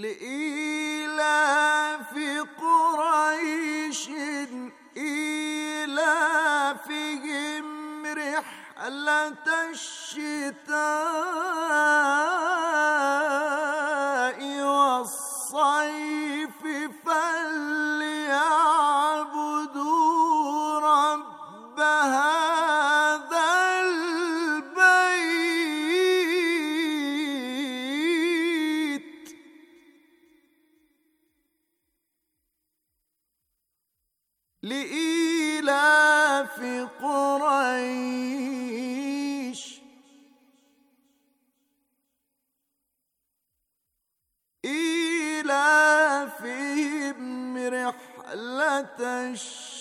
لإيلاف قريش إيلافهم رحلة الشتاء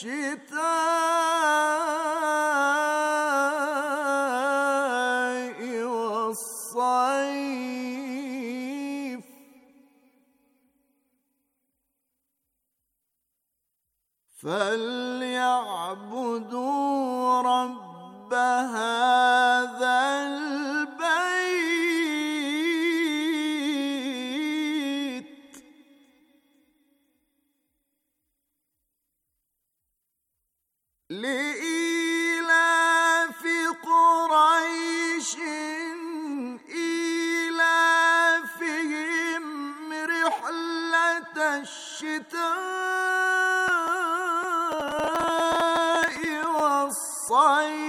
keep 乖。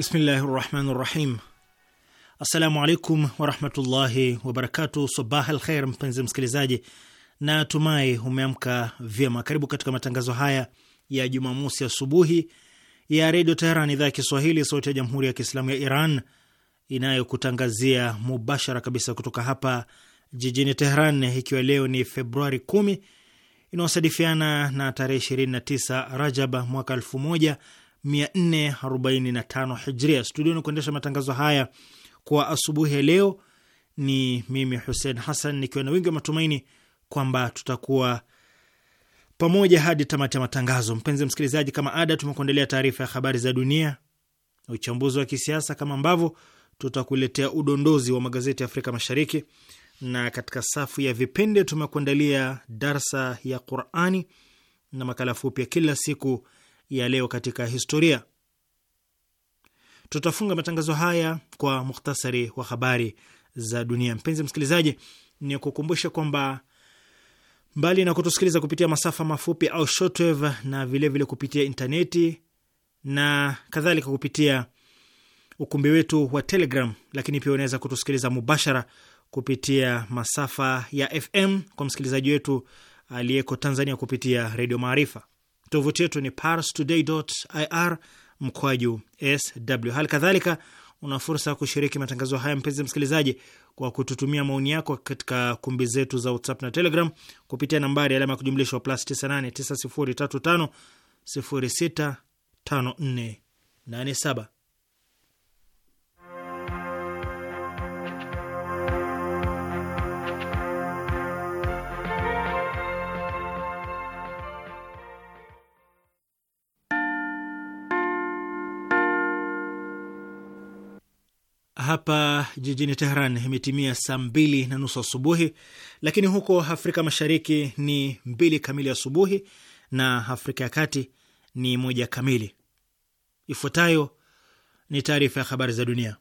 Bismillahi rahmani rahim. Assalamu alaikum warahmatullahi wabarakatu. Sabah al mpenzi msikilizaji, na tumai umeamka vyema. Karibu katika matangazo haya ya Jumamosi asubuhi ya Redio Teheran, idhaa ya Kiswahili, sauti ya Jamhuri ya Kiislamu ya Iran, inayokutangazia mubashara kabisa kutoka hapa jijini Teheran, ikiwa leo ni Februari 10 inaosadifiana na tarehe 29 Rajab mwaka elfu moja 445 hijria. Studioni kuendesha matangazo haya kwa asubuhi ya leo ni mimi Hussein Hassan, nikiwa na wingi wa matumaini kwamba tutakuwa pamoja hadi tamati ya matangazo. Mpenzi msikilizaji, kama ada, tumekuandalia taarifa ya habari za dunia, uchambuzi wa kisiasa, kama ambavyo tutakuletea udondozi wa magazeti ya Afrika Mashariki, na katika safu ya vipindi tumekuandalia darsa ya Qurani na makala fupi ya kila siku ya leo katika historia. Tutafunga matangazo haya kwa muhtasari wa habari za dunia. Mpenzi msikilizaji, ni kukumbusha kwamba mbali na kutusikiliza kupitia masafa mafupi au shortwave, na vilevile vile kupitia intaneti na kadhalika kupitia ukumbi wetu wa Telegram, lakini pia unaweza kutusikiliza mubashara kupitia masafa ya FM kwa msikilizaji wetu aliyeko Tanzania kupitia Redio Maarifa. Tovuti yetu ni parstoday.ir mkwaju sw. Hali kadhalika una fursa ya kushiriki matangazo haya, mpenzi msikilizaji, kwa kututumia maoni yako katika kumbi zetu za WhatsApp na Telegram kupitia nambari alama ya kujumlisha wa plus 98 9035065487. hapa jijini Tehran imetimia saa mbili na nusu asubuhi, lakini huko Afrika Mashariki ni mbili kamili asubuhi na Afrika ya Kati ni moja kamili. Ifuatayo ni taarifa ya habari za dunia,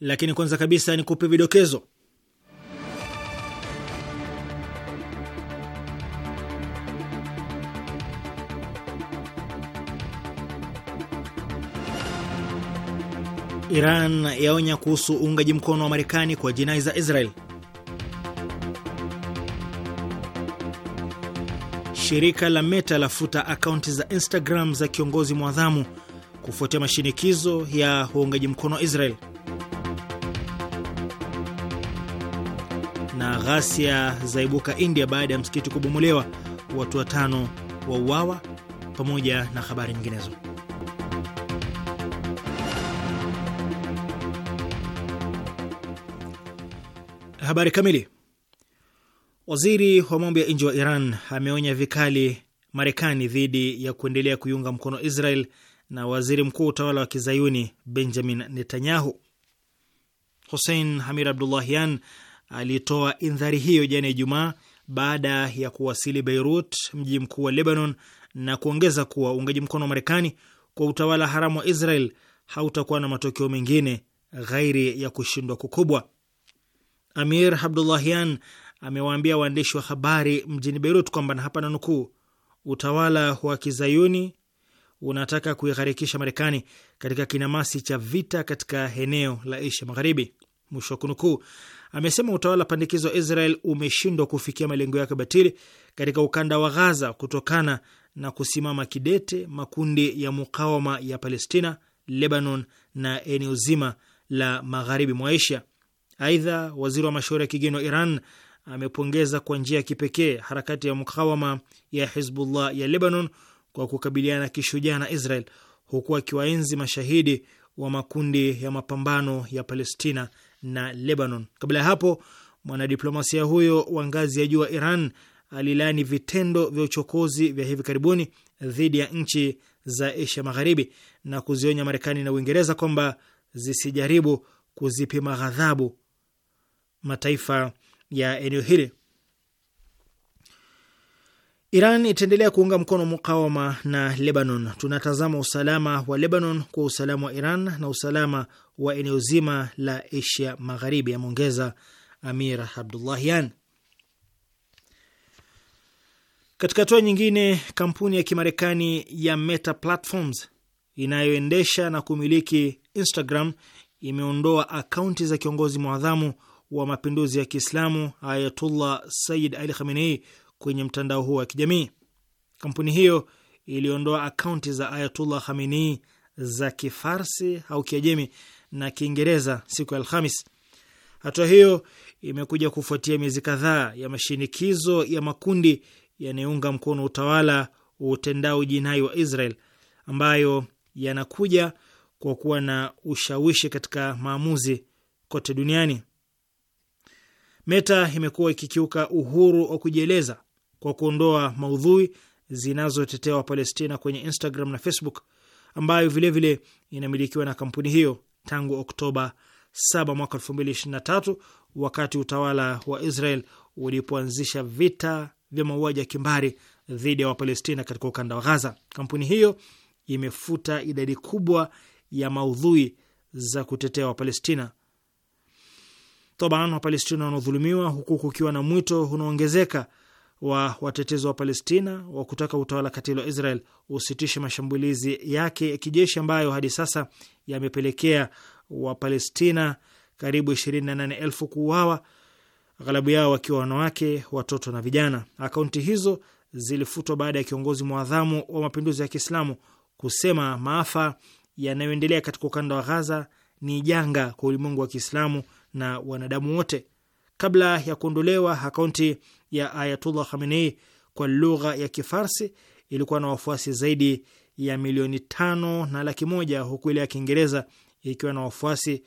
lakini kwanza kabisa ni kupe vidokezo Iran yaonya kuhusu uungaji mkono wa Marekani kwa jinai za Israel. Shirika la Meta lafuta akaunti za Instagram za kiongozi mwadhamu kufuatia mashinikizo ya uungaji mkono wa Israel. Na ghasia zaibuka India baada ya msikiti kubomolewa, watu watano wauawa, pamoja na habari nyinginezo. Habari kamili. Waziri wa mambo ya nje wa Iran ameonya vikali Marekani dhidi ya kuendelea kuiunga mkono Israel na waziri mkuu wa utawala wa kizayuni Benjamin Netanyahu. Hussein Hamir Abdullahian alitoa indhari hiyo jana Ijumaa baada ya kuwasili Beirut, mji mkuu wa Lebanon, na kuongeza kuwa uungaji mkono wa Marekani kwa utawala haramu wa Israel hautakuwa na matokeo mengine ghairi ya kushindwa kukubwa. Amir Abdullahian amewaambia waandishi wa habari mjini Beirut kwamba na hapa nanukuu, utawala wa kizayuni unataka kuigharikisha Marekani katika kinamasi cha vita katika eneo la Asia Magharibi, mwisho wa kunukuu. Amesema utawala wa pandikizo Israel umeshindwa kufikia malengo yake batili katika ukanda wa Ghaza kutokana na kusimama kidete makundi ya mukawama ya Palestina, Lebanon na eneo zima la magharibi mwa Asia. Aidha, waziri wa mashauri ya kigeni wa Iran amepongeza kwa njia ya kipekee harakati ya mukawama ya Hizbullah ya Lebanon kwa kukabiliana kishujaa na Israel, huku akiwaenzi mashahidi wa makundi ya mapambano ya Palestina na Lebanon. Kabla ya hapo, mwanadiplomasia huyo wa ngazi ya juu wa Iran alilaani vitendo vya uchokozi vya hivi karibuni dhidi ya nchi za Asia Magharibi na kuzionya Marekani na Uingereza kwamba zisijaribu kuzipima ghadhabu mataifa ya eneo hili. Iran itaendelea kuunga mkono mukawama na Lebanon. Tunatazama usalama wa Lebanon kwa usalama wa Iran na usalama wa eneo zima la Asia Magharibi, ameongeza Amir Abdullahian. Katika hatua nyingine, kampuni ya Kimarekani ya Meta Platforms inayoendesha na kumiliki Instagram imeondoa akaunti za kiongozi mwadhamu wa mapinduzi ya Kiislamu Ayatullah Sayyid Ali Khamenei kwenye mtandao huo wa kijamii. Kampuni hiyo iliondoa akaunti za Ayatullah Khamenei za Kifarsi au Kiajemi na Kiingereza siku ya Alhamis. Hatua hiyo imekuja kufuatia miezi kadhaa ya mashinikizo ya makundi yanayounga mkono utawala wa utendao jinai wa Israel ambayo yanakuja kwa kuwa na ushawishi katika maamuzi kote duniani. Meta imekuwa ikikiuka uhuru wa kujieleza kwa kuondoa maudhui zinazotetea Wapalestina kwenye Instagram na Facebook ambayo vilevile vile inamilikiwa na kampuni hiyo tangu Oktoba 7 mwaka 2023 wakati utawala wa Israel ulipoanzisha vita vya mauaji ya kimbari dhidi ya Wapalestina katika ukanda wa Gaza. Kampuni hiyo imefuta idadi kubwa ya maudhui za kutetea Wapalestina Taban, Wapalestina wanaodhulumiwa, huku kukiwa na mwito unaongezeka wa watetezi wa Palestina wa kutaka utawala katili wa Israel usitishe mashambulizi yake ya kijeshi ambayo hadi sasa yamepelekea Wapalestina karibu 28,000 kuuawa, aghalabu yao wakiwa wanawake, watoto na vijana. Akaunti hizo zilifutwa baada ya kiongozi mwadhamu wa mapinduzi ya Kiislamu kusema maafa yanayoendelea katika ukanda wa Ghaza ni janga kwa ulimwengu wa Kiislamu na wanadamu wote. Kabla ya kuondolewa akaunti ya Ayatullah Khamenei kwa lugha ya Kifarsi ilikuwa na wafuasi zaidi ya milioni tano na laki moja huku ile ya Kiingereza ikiwa na wafuasi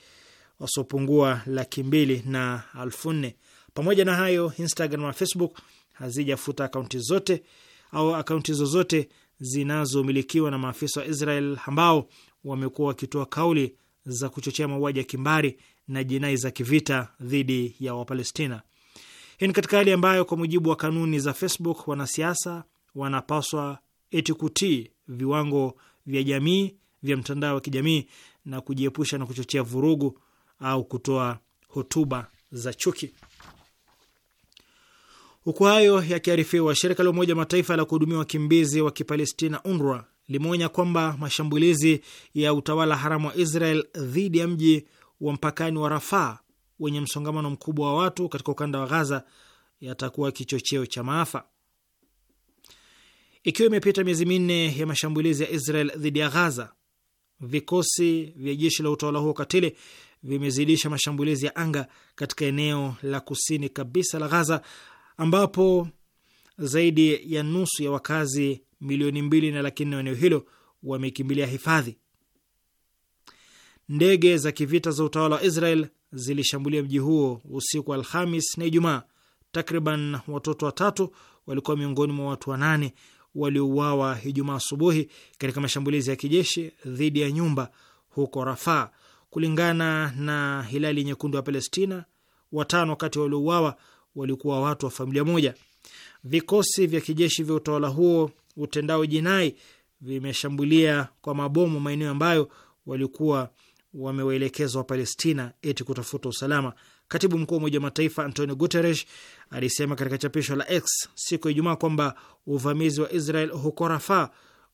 wasiopungua laki mbili na alfu nne. Pamoja na hayo, Instagram na Facebook hazijafuta akaunti zote au akaunti zozote zinazomilikiwa na maafisa wa Israel ambao wamekuwa wakitoa kauli za kuchochea mauaji ya kimbari na jinai za kivita dhidi ya Wapalestina. Hii ni katika hali ambayo kwa mujibu wa kanuni za Facebook wanasiasa wanapaswa eti kutii viwango vya jamii vya mtandao wa kijamii na kujiepusha na kuchochea vurugu au kutoa hotuba za chuki. Huku hayo yakiarifiwa, shirika la Umoja Mataifa la kuhudumia wakimbizi wa Kipalestina UNRWA limeonya kwamba mashambulizi ya utawala haramu wa Israel dhidi ya mji wa mpakani wa Rafaa wenye msongamano mkubwa wa watu katika ukanda wa Ghaza yatakuwa kichocheo cha maafa. Ikiwa imepita miezi minne ya mashambulizi ya Israel dhidi ya Ghaza, vikosi vya jeshi la utawala huo katili vimezidisha mashambulizi ya anga katika eneo la kusini kabisa la Ghaza, ambapo zaidi ya nusu ya wakazi milioni mbili na laki nne wa eneo hilo wamekimbilia hifadhi ndege za kivita za utawala wa Israel zilishambulia mji huo usiku Alhamis na Ijumaa. Takriban watoto watatu walikuwa miongoni mwa watu wanane waliouawa Ijumaa asubuhi katika mashambulizi ya kijeshi dhidi ya nyumba huko Rafaa, kulingana na Hilali Nyekundu ya Palestina. Watano kati waliouawa walikuwa watu wa familia moja. Vikosi vya kijeshi vya utawala huo utendao jinai vimeshambulia kwa mabomu maeneo ambayo walikuwa wamewaelekeza Wapalestina eti kutafuta usalama. Katibu mkuu wa Umoja wa Mataifa Antonio Guterres alisema katika chapisho la X siku ya Ijumaa kwamba uvamizi wa Israel huko Rafa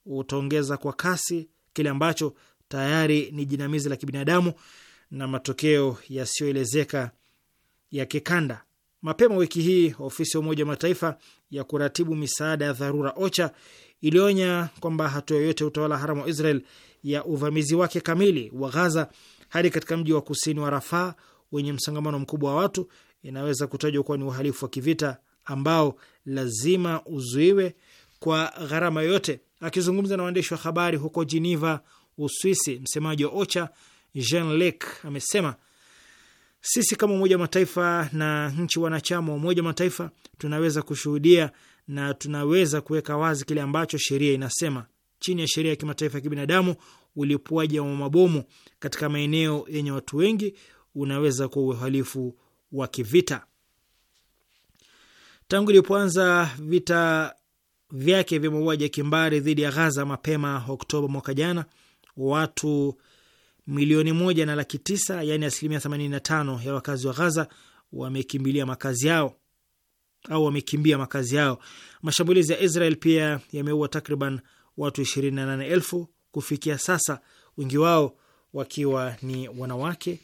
utaongeza kwa kasi kile ambacho tayari ni jinamizi la kibinadamu na matokeo yasiyoelezeka ya kikanda. Mapema wiki hii ofisi ya Umoja wa Mataifa ya kuratibu misaada ya dharura OCHA ilionya kwamba hatua yoyote utawala haramu wa Israel ya uvamizi wake kamili wa Ghaza hadi katika mji wa kusini wa Rafaa wenye msongamano mkubwa wa watu inaweza kutajwa kuwa ni uhalifu wa kivita ambao lazima uzuiwe kwa gharama yoyote. Akizungumza na waandishi wa habari huko Geneva, Uswisi, msemaji wa OCHA Jean Lek amesema sisi kama Umoja wa Mataifa na nchi wanachama wa Umoja wa Mataifa tunaweza kushuhudia na tunaweza kuweka wazi kile ambacho sheria inasema chini ya sheria ya kimataifa ya kibinadamu, ulipuaji wa mabomu katika maeneo yenye watu wengi unaweza kuwa uhalifu wa kivita. Tangu ilipoanza vita vyake vya mauaji ya kimbari dhidi ya Ghaza mapema Oktoba mwaka jana, watu milioni moja na laki tisa, yaani asilimia tano ya wakazi wa Ghaza wamekimbilia makazi yao au wamekimbia makazi yao. Mashambulizi ya Israel pia yameua takriban watu 28,000 kufikia sasa, wengi wao wakiwa ni wanawake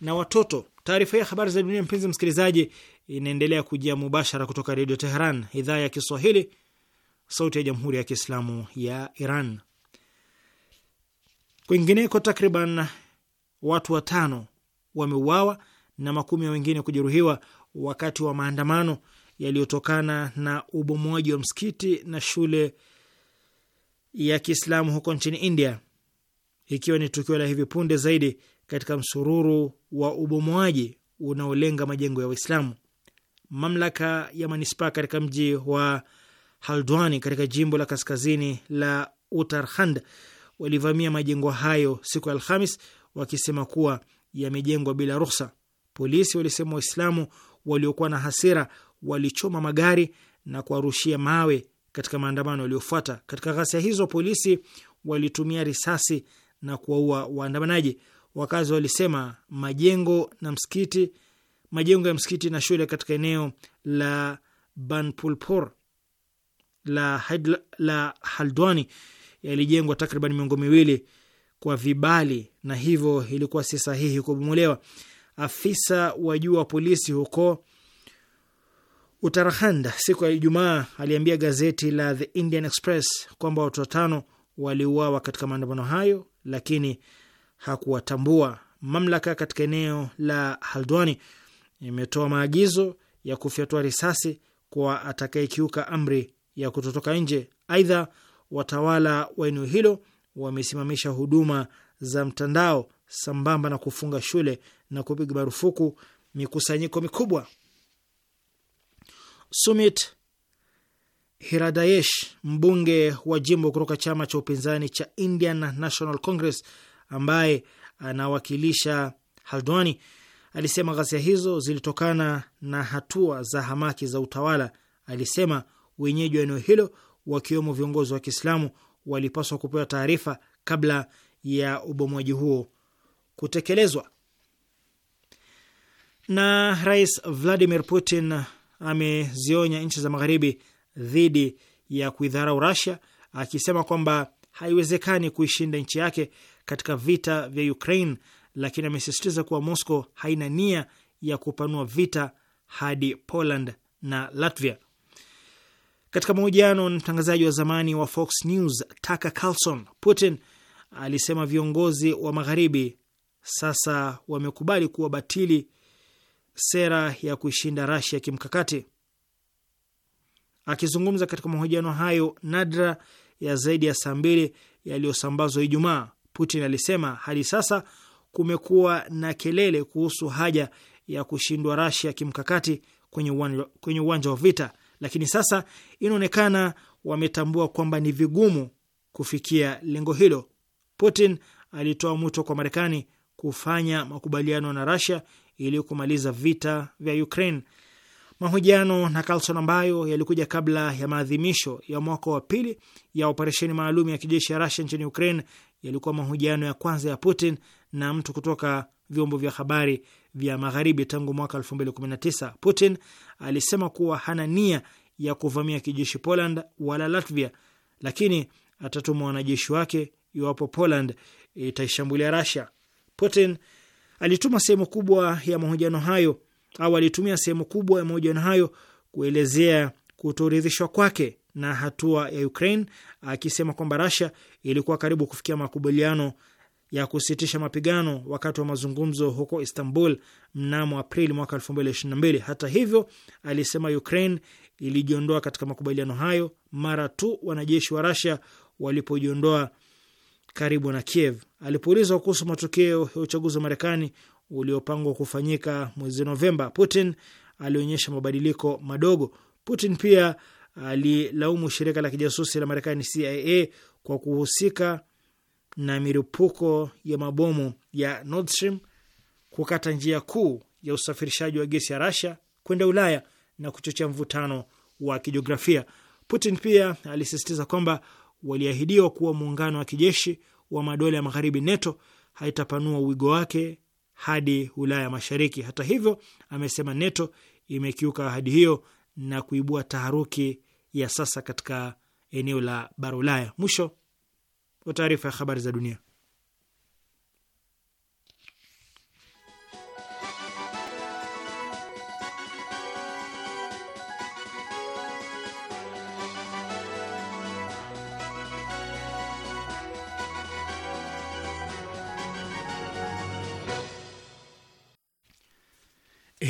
na watoto. Taarifa ya habari za dunia, mpenzi msikilizaji, inaendelea kujia mubashara kutoka Redio Teheran, idhaa ya Kiswahili, sauti ya Jamhuri ya Kiislamu ya Iran. Kwingineko, takriban watu watano wameuawa na makumi ya wengine kujeruhiwa wakati wa maandamano yaliyotokana na ubomoaji wa msikiti na shule ya Kiislamu huko nchini India, ikiwa ni tukio la hivi punde zaidi katika msururu wa ubomoaji unaolenga majengo ya Waislamu. Mamlaka ya manispaa katika mji wa Haldwani katika jimbo la kaskazini la Uttarakhand walivamia majengo hayo siku ya Alhamis wakisema kuwa yamejengwa bila ruhusa. Polisi walisema Waislamu waliokuwa na hasira walichoma magari na kuwarushia mawe katika maandamano yaliyofuata. Katika ghasia hizo, polisi walitumia risasi na kuwaua waandamanaji. Wakazi walisema majengo na msikiti, majengo ya msikiti na shule katika eneo la banpulpor la, la Haldwani yalijengwa takriban miongo miwili kwa vibali na hivyo ilikuwa si sahihi kubomolewa. Afisa wa juu wa polisi huko Uttarakhand siku ya Ijumaa aliambia gazeti la The Indian Express kwamba watu watano waliuawa katika maandamano hayo, lakini hakuwatambua. Mamlaka katika eneo la Haldwani imetoa maagizo ya kufyatua risasi kwa atakayekiuka amri ya kutotoka nje. Aidha, watawala wa eneo hilo wamesimamisha huduma za mtandao sambamba na kufunga shule na kupiga marufuku mikusanyiko mikubwa. Sumit Hiradayesh, mbunge wa jimbo kutoka chama cha upinzani cha Indian National Congress ambaye anawakilisha Haldwani, alisema ghasia hizo zilitokana na hatua za hamaki za utawala. Alisema wenyeji wa eneo hilo wakiwemo viongozi wa Kiislamu walipaswa kupewa taarifa kabla ya ubomoaji huo kutekelezwa. Na Rais Vladimir Putin amezionya nchi za magharibi dhidi ya kuidharau Rasia, akisema kwamba haiwezekani kuishinda nchi yake katika vita vya Ukraine, lakini amesisitiza kuwa Moscow haina nia ya kupanua vita hadi Poland na Latvia. Katika mahojiano na mtangazaji wa zamani wa Fox News Tucker Carlson, Putin alisema viongozi wa magharibi sasa wamekubali kuwa batili sera ya kuishinda Rasia kimkakati. Akizungumza katika mahojiano hayo nadra ya zaidi ya saa mbili yaliyosambazwa Ijumaa, Putin alisema hadi sasa kumekuwa na kelele kuhusu haja ya kushindwa Rasia kimkakati kwenye uwanja wa vita, lakini sasa inaonekana wametambua kwamba ni vigumu kufikia lengo hilo. Putin alitoa mwito kwa Marekani kufanya makubaliano na Rasia ili kumaliza vita vya Ukraine. Mahojiano na Carlson ambayo yalikuja kabla ya maadhimisho ya mwaka wa pili ya operesheni maalum ya kijeshi ya Russia nchini Ukraine yalikuwa mahojiano ya kwanza ya Putin na mtu kutoka vyombo vya habari vya magharibi tangu mwaka 2019. Putin alisema kuwa hana nia ya kuvamia kijeshi Poland wala Latvia, lakini atatuma wanajeshi wake iwapo Poland itaishambulia Russia. Putin Alituma sehemu kubwa ya mahojiano hayo au alitumia sehemu kubwa ya mahojiano hayo kuelezea kutoridhishwa kwake na hatua ya Ukraine, akisema kwamba Russia ilikuwa karibu kufikia makubaliano ya kusitisha mapigano wakati wa mazungumzo huko Istanbul mnamo Aprili mwaka 2022. Hata hivyo, alisema Ukraine ilijiondoa katika makubaliano hayo mara tu wanajeshi wa Russia walipojiondoa karibu na Kiev. Alipoulizwa kuhusu matokeo ya uchaguzi wa Marekani uliopangwa kufanyika mwezi Novemba, Putin alionyesha mabadiliko madogo. Putin pia alilaumu shirika la kijasusi la Marekani CIA kwa kuhusika na milipuko ya mabomu ya Nord Stream kukata njia kuu ya usafirishaji wa gesi ya Russia kwenda Ulaya na kuchochea mvutano wa kijiografia. Putin pia alisisitiza kwamba waliahidiwa kuwa muungano wa kijeshi wa madola ya magharibi NATO haitapanua uwigo wake hadi Ulaya Mashariki. Hata hivyo, amesema NATO imekiuka ahadi hiyo na kuibua taharuki ya sasa katika eneo la bara Ulaya. Mwisho wa taarifa ya habari za dunia.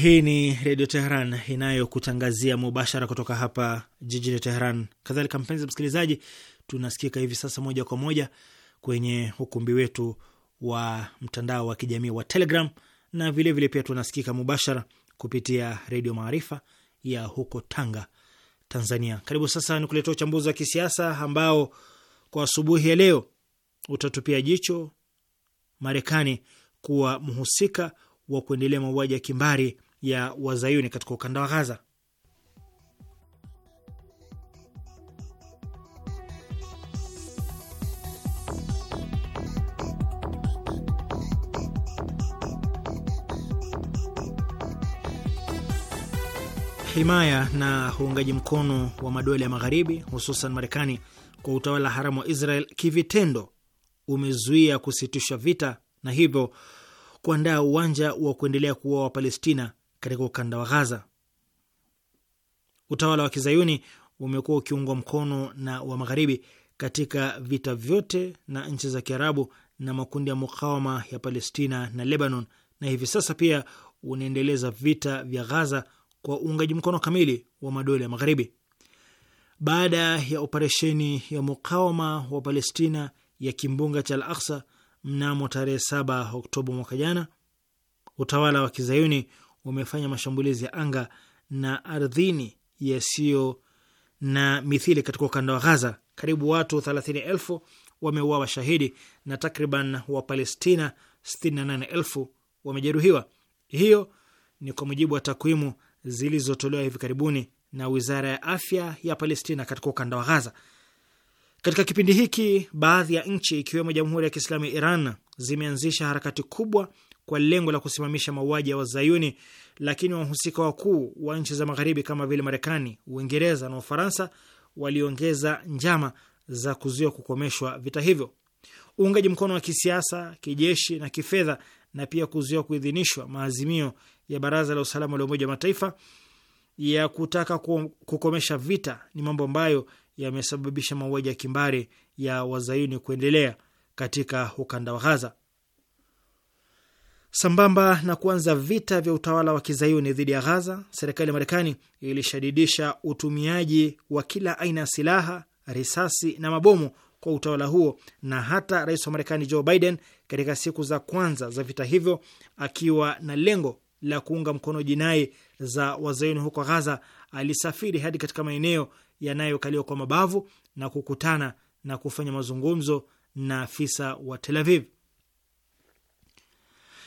Hii ni Redio Teheran inayokutangazia mubashara kutoka hapa jijini Teheran. Kadhalika mpenzi msikilizaji, tunasikika hivi sasa moja kwa moja kwenye ukumbi wetu wa mtandao wa kijamii wa Telegram na vilevile vile pia tunasikika mubashara kupitia Redio Maarifa ya huko Tanga, Tanzania. Karibu sasa ni kuletea uchambuzi wa kisiasa ambao kwa asubuhi ya leo utatupia jicho Marekani kuwa mhusika wa kuendelea mauaji ya kimbari ya wazayuni katika ukanda wa Ghaza. Himaya na uungaji mkono wa madola ya Magharibi, hususan Marekani, kwa utawala haramu wa Israel kivitendo umezuia kusitishwa vita na hivyo kuandaa uwanja wa kuendelea kuwa Wapalestina katika ukanda wa Ghaza. Utawala wa kizayuni umekuwa ukiungwa mkono na wa magharibi katika vita vyote na nchi za kiarabu na makundi ya mukawama ya Palestina na Lebanon, na hivi sasa pia unaendeleza vita vya Ghaza kwa uungaji mkono kamili wa madola ya magharibi. Baada ya operesheni ya mukawama wa Palestina ya kimbunga cha Al aqsa mnamo tarehe 7 Oktoba mwaka jana, utawala wa kizayuni wamefanya mashambulizi ya anga na ardhini yasiyo na mithili katika ukanda wa Ghaza. Karibu watu thelathini elfu wameuawa shahidi na takriban Wapalestina sitini na nane elfu wamejeruhiwa. Hiyo ni kwa mujibu wa takwimu zilizotolewa hivi karibuni na wizara ya afya ya Palestina katika ukanda wa Ghaza. Katika kipindi hiki, baadhi ya nchi ikiwemo Jamhuri ya Kiislamu ya Iran zimeanzisha harakati kubwa kwa lengo la kusimamisha mauaji ya Wazayuni, lakini wahusika wakuu wa nchi za Magharibi kama vile Marekani, Uingereza na Ufaransa waliongeza njama za kuzuia kukomeshwa vita hivyo. Uungaji mkono wa kisiasa, kijeshi na kifedha, na pia kuzuia kuidhinishwa maazimio ya Baraza la Usalama la Umoja wa Mataifa ya kutaka kukomesha vita ni mambo ambayo yamesababisha mauaji ya kimbari ya Wazayuni kuendelea katika ukanda wa Ghaza. Sambamba na kuanza vita vya utawala wa kizayuni dhidi ya Ghaza, serikali ya Marekani ilishadidisha utumiaji wa kila aina ya silaha, risasi na mabomu kwa utawala huo, na hata rais wa Marekani Joe Biden katika siku za kwanza za vita hivyo, akiwa na lengo la kuunga mkono jinai za wazayuni huko Ghaza, alisafiri hadi katika maeneo yanayokaliwa kwa mabavu na kukutana na kufanya mazungumzo na afisa wa Tel Aviv.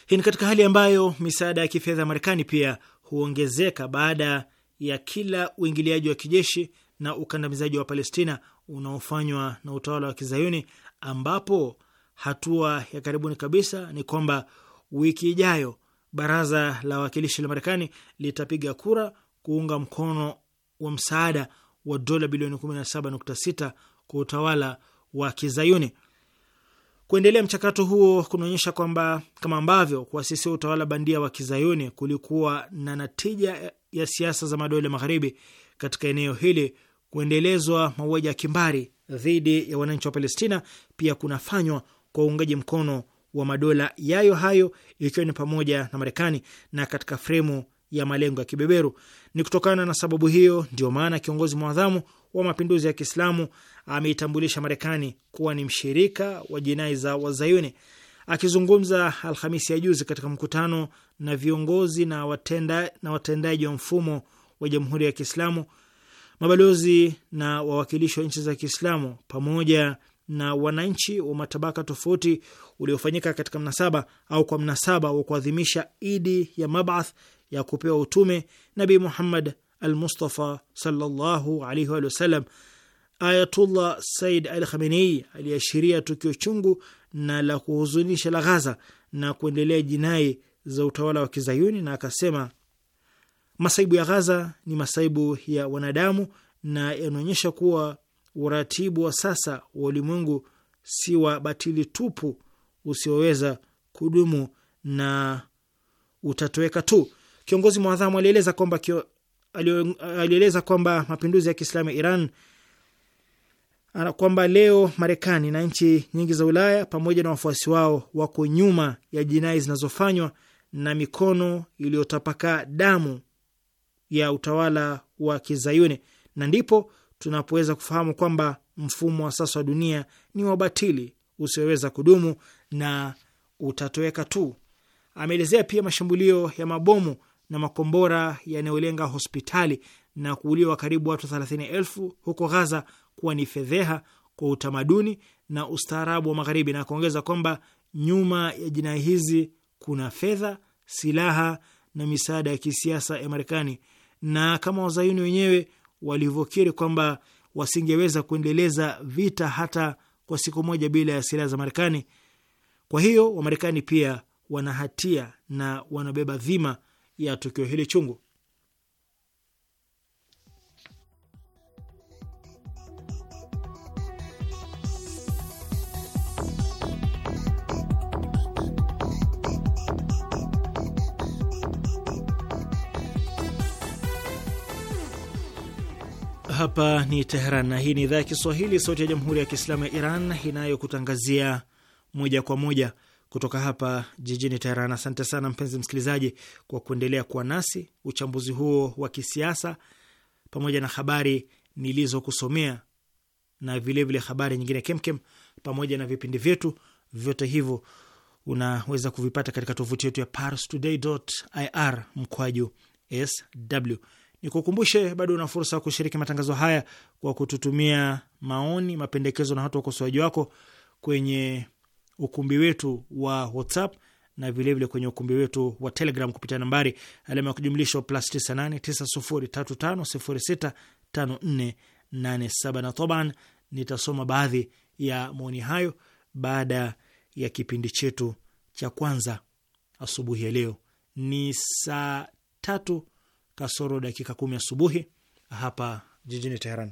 Hii ni katika hali ambayo misaada ya kifedha ya Marekani pia huongezeka baada ya kila uingiliaji wa kijeshi na ukandamizaji wa Palestina unaofanywa na utawala wa Kizayuni, ambapo hatua ya karibuni kabisa ni kwamba wiki ijayo baraza la wawakilishi la Marekani litapiga kura kuunga mkono wa msaada wa dola bilioni 17.6 kwa utawala wa Kizayuni. Kuendelea mchakato huo kunaonyesha kwamba kama ambavyo kuasisiwa utawala bandia wa kizayuni kulikuwa na natija ya siasa za madola magharibi katika eneo hili, kuendelezwa mauaji ya kimbari dhidi ya wananchi wa Palestina pia kunafanywa kwa uungaji mkono wa madola yayo hayo, ikiwa ni pamoja na Marekani na katika fremu ya malengo ya kibeberu. Ni kutokana na sababu hiyo, ndio maana kiongozi mwadhamu wa mapinduzi ya Kiislamu ameitambulisha Marekani kuwa ni mshirika wa jinai za Wazayuni. Akizungumza Alhamisi ya juzi katika mkutano na viongozi na, watenda, na watendaji wa mfumo wa jamhuri ya Kiislamu, mabalozi na wawakilishi wa nchi za Kiislamu pamoja na wananchi wa matabaka tofauti uliofanyika katika mnasaba au kwa mnasaba wa kuadhimisha Idi ya Mabath ya kupewa utume Nabii Muhammad Almustafa sallallahu alaihi wa sallam. Ayatullah Said Al Khamenei aliashiria tukio chungu na la kuhuzunisha la Ghaza na kuendelea jinai za utawala wa Kizayuni, na akasema masaibu ya Ghaza ni masaibu ya wanadamu na yanaonyesha kuwa uratibu wa sasa wa ulimwengu si wa batili tupu usioweza kudumu na utatoweka tu. Kiongozi mwadhamu alieleza kwamba kio, alieleza kwamba mapinduzi ya Kiislamu ya Iran kwamba leo Marekani na nchi nyingi za Ulaya pamoja na wafuasi wao wako nyuma ya jinai zinazofanywa na mikono iliyotapaka damu ya utawala wa Kizayuni, na ndipo tunapoweza kufahamu kwamba mfumo wa sasa wa dunia ni wa batili usioweza kudumu na utatoweka tu. Ameelezea pia mashambulio ya mabomu na makombora yanayolenga hospitali na kuuliwa karibu watu thelathini elfu huko Ghaza kuwa ni fedheha kwa utamaduni na ustaarabu wa Magharibi, na kuongeza kwamba nyuma ya jinai hizi kuna fedha, silaha na misaada ya kisiasa ya Marekani, na kama wazayuni wenyewe walivyokiri kwamba wasingeweza kuendeleza vita hata kwa siku moja bila ya silaha za Marekani. Kwa hiyo Wamarekani pia wana hatia na wanabeba dhima ya tukio hili chungu. Hapa ni Teheran na hii ni idhaa ya Kiswahili, sauti ya jamhuri ya kiislamu ya Iran inayokutangazia moja kwa moja kutoka hapa jijini Teheran. Asante sana mpenzi msikilizaji kwa kuendelea kuwa nasi. Uchambuzi huo wa kisiasa pamoja na habari nilizokusomea na vilevile vile habari nyingine kemkem pamoja na vipindi vyetu vyote hivyo unaweza kuvipata katika tovuti yetu ya parstoday.ir mkwaju sw. Nikukumbushe, bado una fursa ya kushiriki matangazo haya kwa kututumia maoni, mapendekezo na hata ukosoaji wako kwenye ukumbi wetu wa WhatsApp na vilevile vile kwenye ukumbi wetu wa Telegram kupitia nambari alama ya kujumlisha plus 989035065487 na toban. Nitasoma baadhi ya maoni hayo baada ya kipindi chetu cha kwanza asubuhi ya leo. Ni saa tatu kasoro dakika kumi asubuhi hapa jijini Teheran.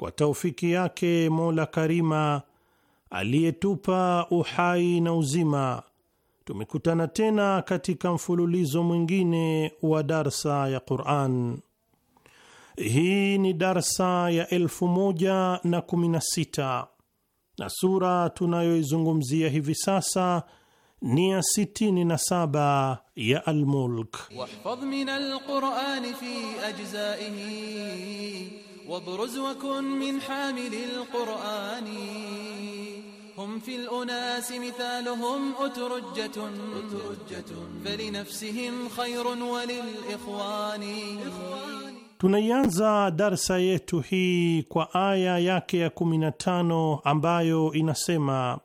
kwa taufiki yake Mola Karima aliyetupa uhai na uzima, tumekutana tena katika mfululizo mwingine wa darsa ya Quran. Hii ni darsa ya elfu moja na kumi na sita na sura tunayoizungumzia hivi sasa ni ya sitini na saba ya Almulk. وابرز وكن من حامل القرآن هم في الأناس مثالهم أترجة, أترجة فلنفسهم خير وللإخوان Tunaianza darsa yetu hii kwa aya yake ya 15 ambayo inasema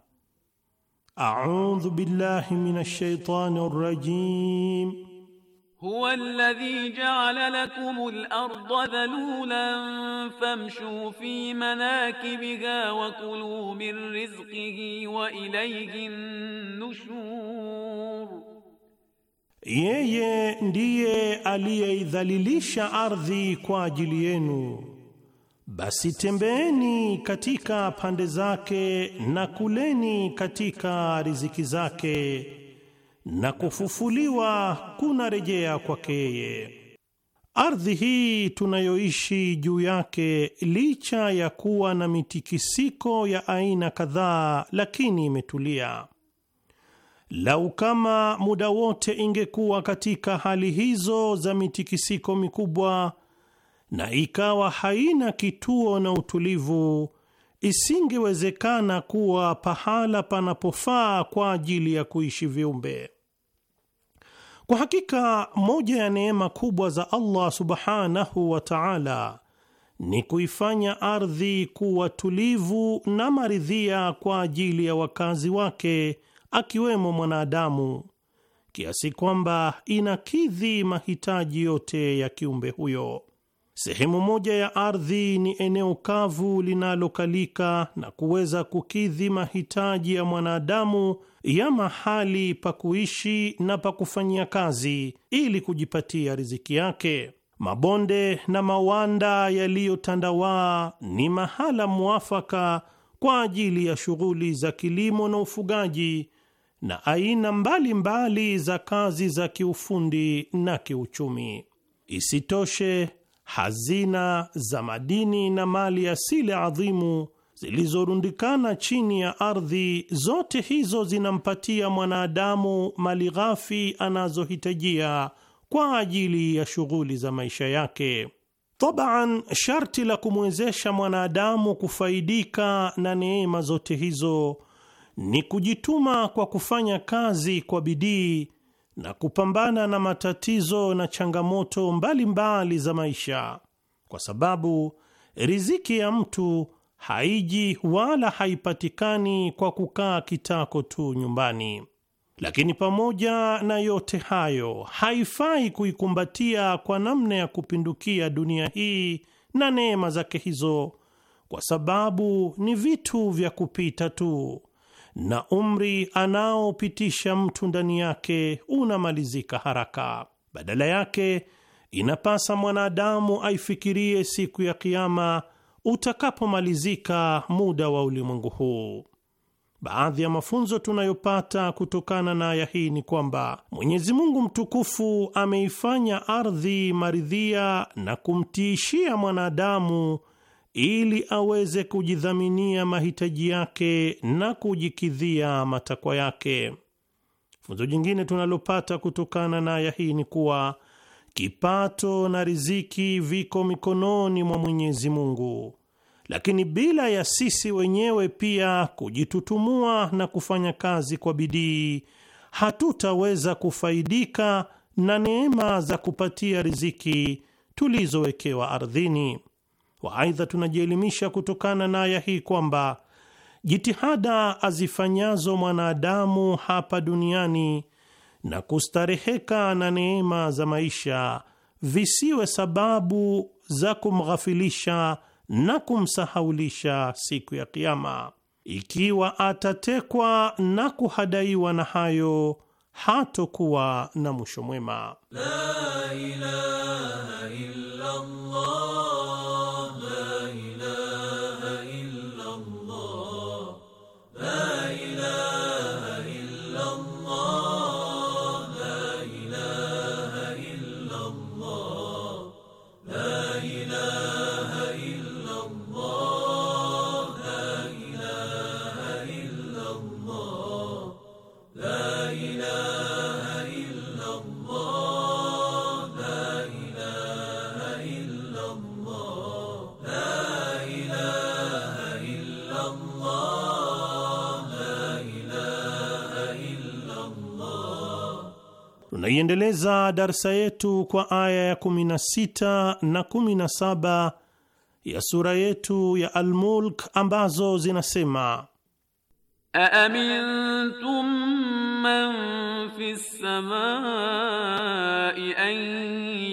A'udhu billahi minash shaitani rrajim Huwa alladhi ja'ala lakum al-ardha dhalulan famshu fi manakibiha wa kulu min rizqihi wa ilayhi nushur, yeye ndiye aliyeidhalilisha ardhi kwa ajili yenu, basi tembeeni katika pande zake na kuleni katika riziki zake na kufufuliwa kunarejea kwake yeye. Ardhi hii tunayoishi juu yake, licha ya kuwa na mitikisiko ya aina kadhaa, lakini imetulia. Lau kama muda wote ingekuwa katika hali hizo za mitikisiko mikubwa na ikawa haina kituo na utulivu, isingewezekana kuwa pahala panapofaa kwa ajili ya kuishi viumbe. Kwa hakika moja ya neema kubwa za Allah subhanahu wa ta'ala ni kuifanya ardhi kuwa tulivu na maridhia kwa ajili ya wakazi wake akiwemo mwanadamu, kiasi kwamba inakidhi mahitaji yote ya kiumbe huyo. Sehemu moja ya ardhi ni eneo kavu linalokalika na kuweza kukidhi mahitaji ya mwanadamu ya mahali pa kuishi na pa kufanyia kazi ili kujipatia riziki yake. Mabonde na mawanda yaliyotandawaa ni mahala mwafaka kwa ajili ya shughuli za kilimo na ufugaji na aina mbalimbali mbali za kazi za kiufundi na kiuchumi. Isitoshe, hazina za madini na mali asili adhimu zilizorundikana chini ya ardhi, zote hizo zinampatia mwanadamu mali ghafi anazohitajia kwa ajili ya shughuli za maisha yake. Tabaan, sharti la kumwezesha mwanadamu kufaidika na neema zote hizo ni kujituma kwa kufanya kazi kwa bidii na kupambana na matatizo na changamoto mbalimbali mbali za maisha, kwa sababu riziki ya mtu haiji wala haipatikani kwa kukaa kitako tu nyumbani. Lakini pamoja na yote hayo, haifai kuikumbatia kwa namna ya kupindukia dunia hii na neema zake hizo, kwa sababu ni vitu vya kupita tu na umri anaopitisha mtu ndani yake unamalizika haraka. Badala yake, inapasa mwanadamu aifikirie siku ya Kiama utakapomalizika muda wa ulimwengu huu. Baadhi ya mafunzo tunayopata kutokana na aya hii ni kwamba Mwenyezi Mungu mtukufu ameifanya ardhi maridhia na kumtiishia mwanadamu ili aweze kujidhaminia mahitaji yake na kujikidhia matakwa yake. Funzo jingine tunalopata kutokana na aya hii ni kuwa kipato na riziki viko mikononi mwa Mwenyezi Mungu, lakini bila ya sisi wenyewe pia kujitutumua na kufanya kazi kwa bidii, hatutaweza kufaidika na neema za kupatia riziki tulizowekewa ardhini wa. Aidha, tunajielimisha kutokana na aya hii kwamba jitihada azifanyazo mwanadamu hapa duniani na kustareheka na neema za maisha visiwe sababu za kumghafilisha na kumsahaulisha siku ya Kiama. Ikiwa atatekwa na kuhadaiwa na hayo, hatokuwa na mwisho mwema. La ilaha illallah. Tunaendeleza darsa yetu kwa aya ya 16 na 17 ya sura yetu ya Al-Mulk ambazo zinasema: Aamintum man fi samai an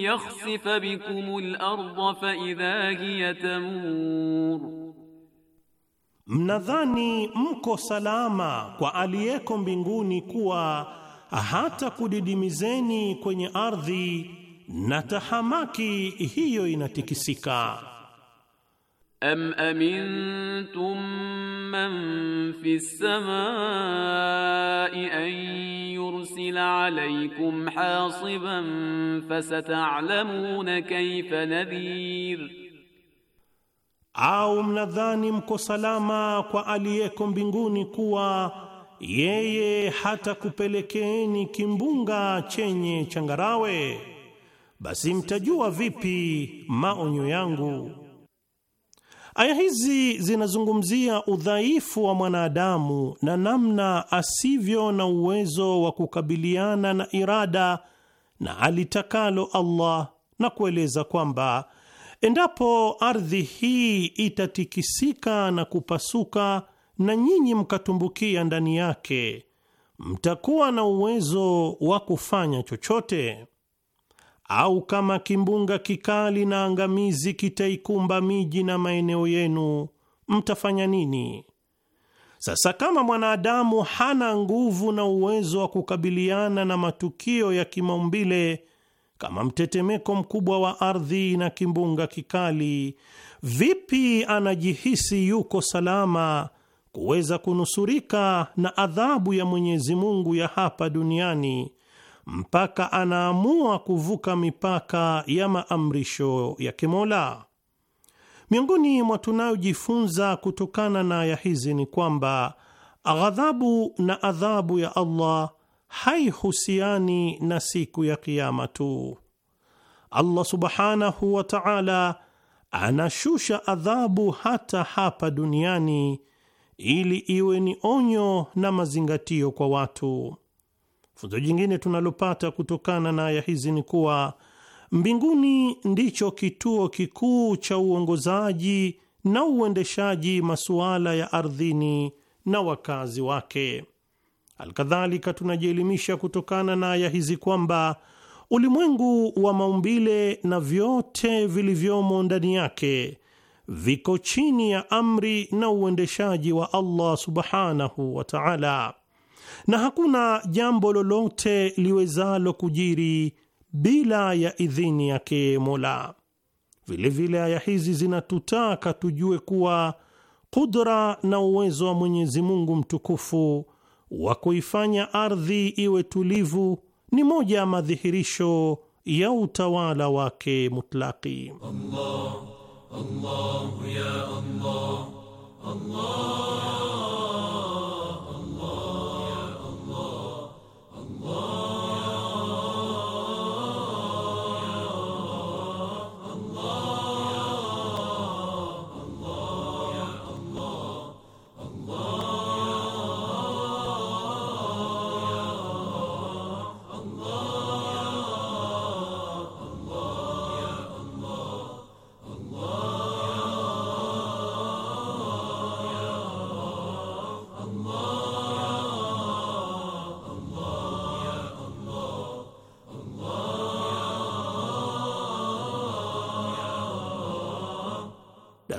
yakhsifa bikum al-ardha fa idha hiya tamur, mnadhani mko salama kwa aliyeko mbinguni kuwa hata kudidimizeni kwenye ardhi na tahamaki hiyo inatikisika. Am amintum man fi samai an yursila alaykum hasiban fasata'lamuna kayfa nadhir, au mnadhani mko salama kwa aliyeko mbinguni kuwa yeye hatakupelekeni kimbunga chenye changarawe, basi mtajua vipi maonyo yangu? Aya hizi zinazungumzia udhaifu wa mwanadamu na namna asivyo na uwezo wa kukabiliana na irada na alitakalo Allah na kueleza kwamba endapo ardhi hii itatikisika na kupasuka na nyinyi mkatumbukia ndani yake, mtakuwa na uwezo wa kufanya chochote? Au kama kimbunga kikali na angamizi kitaikumba miji na maeneo yenu, mtafanya nini? Sasa kama mwanadamu hana nguvu na uwezo wa kukabiliana na matukio ya kimaumbile kama mtetemeko mkubwa wa ardhi na kimbunga kikali, vipi anajihisi yuko salama kuweza kunusurika na adhabu ya Mwenyezi Mungu ya hapa duniani mpaka anaamua kuvuka mipaka ya maamrisho ya kimola Miongoni mwa tunayojifunza kutokana na aya hizi ni kwamba ghadhabu na adhabu ya Allah haihusiani na siku ya Kiama tu. Allah subhanahu wa taala anashusha adhabu hata hapa duniani ili iwe ni onyo na mazingatio kwa watu. Funzo jingine tunalopata kutokana na aya hizi ni kuwa mbinguni ndicho kituo kikuu cha uongozaji na uendeshaji masuala ya ardhini na wakazi wake. Alkadhalika, tunajielimisha kutokana na aya hizi kwamba ulimwengu wa maumbile na vyote vilivyomo ndani yake viko chini ya amri na uendeshaji wa Allah subhanahu wa ta'ala, na hakuna jambo lolote liwezalo kujiri bila ya idhini yake Mola. Vilevile aya hizi zinatutaka tujue kuwa kudra na uwezo wa Mwenyezi Mungu mtukufu wa kuifanya ardhi iwe tulivu ni moja ya madhihirisho ya utawala wake mutlaki Allah. الله يا الله الله الله يا الله الله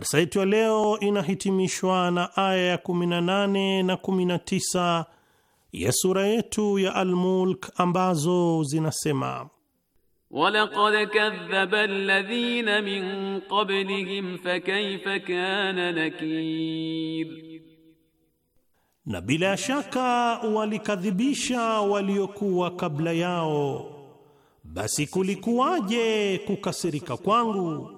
Darsa yetu ya leo inahitimishwa na aya ya 18 na 19 ya sura yetu ya Al-Mulk ambazo zinasema: walaqad kadhaba alladhina min qablihim fakaifa kana nakir, na bila shaka walikadhibisha waliokuwa kabla yao, basi kulikuwaje kukasirika kwangu.